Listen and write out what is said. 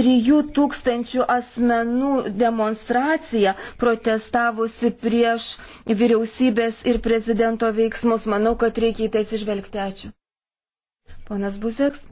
3000 asmenų demonstracija protestavusi prieš vyriausybės ir prezidento veiksmus. Manau, kad reikia į tai atsižvelgti. Ačiū. Ponas Buzeks.